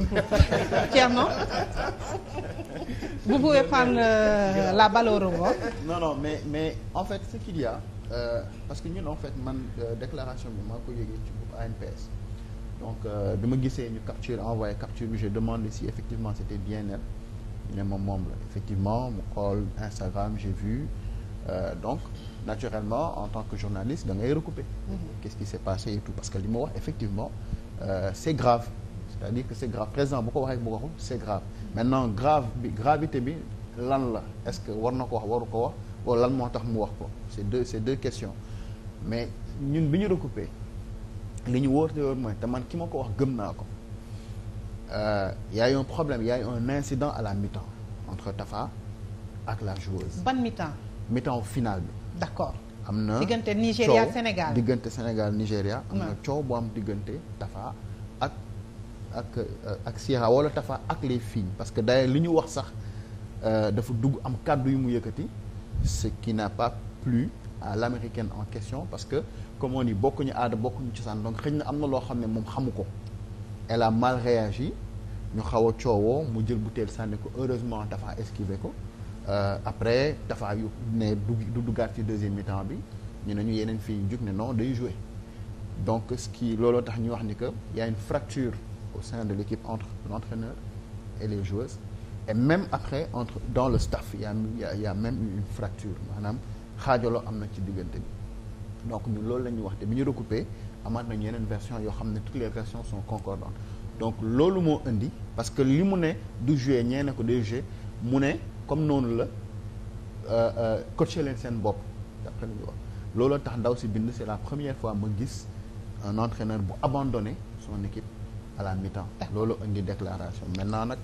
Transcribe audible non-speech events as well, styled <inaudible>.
<laughs> Thierno vous pouvez prendre euh, la balle au non non mais mais en fait ce qu'il y euh, parce que ñun en fait man euh, déclaration bi ma ko yëgee ci groupe ANPS donc euh, bi ma gisee ñu capture envoyé capture bi j'ai demandé si effectivement c'était bien elle ñu ne ma moom la effectivement mu xool Instagram j'ai vu donc naturellement en tant que journaliste da ngay recouper. Mm-hmm. qu'est-ce qui s'est passé et tout parce que li ma wax effectivement c'est grave. c'est-à-dire que c'est grave président bu ko waxee bu ko waxul c'est grave maintenant grave bi gravité bi lan la est-ce que war na ko wax waru ko wax wala lan moo tax mu wax ko c'est deux c'est deux questions mais ñun bi ñu recoupé li ñu wóor te wóor mooy te man ki ma ko wax gëm naa ko euh, y a eu un problème yaayu a eu un incident à la mi-temps entre Tafa ak la joueuse. ban mi-temps. mi-temps final bi. d'accord am na diggante Nigéria Sénégal diggante Sénégal Nigéria. am na coow bu am diggante Tafa ak euh, ak Sierra wala Tafa ak les parce que d'ailleurs li ñu wax sax euh, dafa dugg am kàddu yu mu yëkkati ce qui n'a pas plu à l'américaine en question parce que comme on dit bokkuñu aada bokkuñu cosaan donc xëy na am na loo xam ne moom xamu ko et la mal réagi ñu xaw a coowoo mu jël butéel sànni ko heureusement Tafa esquivé ko euh, après Tafa yu ne du duggaat ci deuxième mi bi ñu ne ñu yeneen fii jug ne non day jouer donc ce looloo tax ñu wax ni que y une fracture au sein de l'équipe entre l'entraîneur et les joueuses et même après entre dans le staff y a y même une fracture maanaam xaajaloo am na ci diggante bi donc ñu loolu la ñuy wax te bi ñu recoupé amaat nañu yeneen version yoo xam ne toutes les versions sont concordantes donc loolu moo indi parce que li mu ne du jouer ñee ne ko day jouer mu ne comme noonu la euh, euh, coacher leen seen bopp d'après li looloo tax ndaw si bind c'est la première fois ma gis un entraîneur bu abandonné son équipe à la mi-temps loolu indi déclaration maintenant nag.